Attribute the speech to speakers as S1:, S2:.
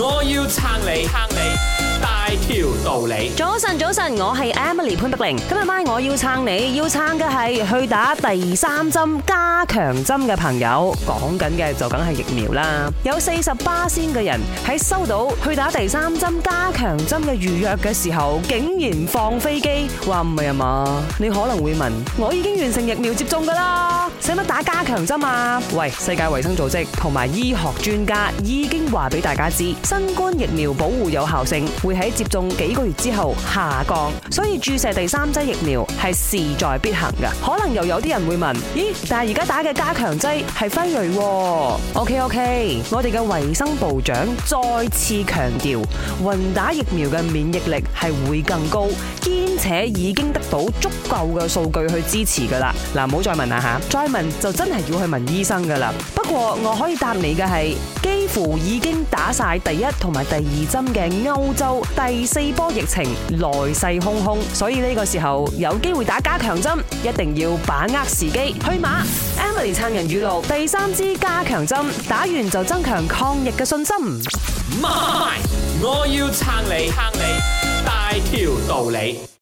S1: 我要撐你，撐你大條道理。早
S2: 晨，早晨，我係 Emily 潘碧玲。今日 m 我要撐你，要撐嘅係去打第三針加強針嘅朋友。講緊嘅就梗係疫苗啦。有四十八仙嘅人喺收到去打第三針加強針嘅預約嘅時候，竟然放飛機，話唔係啊嘛？你可能會問，我已經完成疫苗接種㗎啦，使乜打加強針啊？喂，世界衞生組織同埋醫學專家已經話俾大家知。新冠疫苗保護有效性會喺接種幾個月之後下降，所以注射第三劑疫苗係勢在必行嘅。可能又有啲人會問：咦，但係而家打嘅加強劑係輝瑞喎？OK OK，我哋嘅衛生部長再次強調，混打疫苗嘅免疫力係會更高，兼且已經得到足夠嘅數據去支持噶啦。嗱，唔好再問啦吓，再問就真係要去問醫生噶啦。不過我可以答你嘅係。乎已經打晒第一同埋第二針嘅歐洲第四波疫情來勢洶洶，所以呢個時候有機會打加強針，一定要把握時機去馬。Emily 撐人語錄，第三支加強針打完就增強抗疫嘅信心。
S1: 媽咪，我要撐你，撐你大條道理。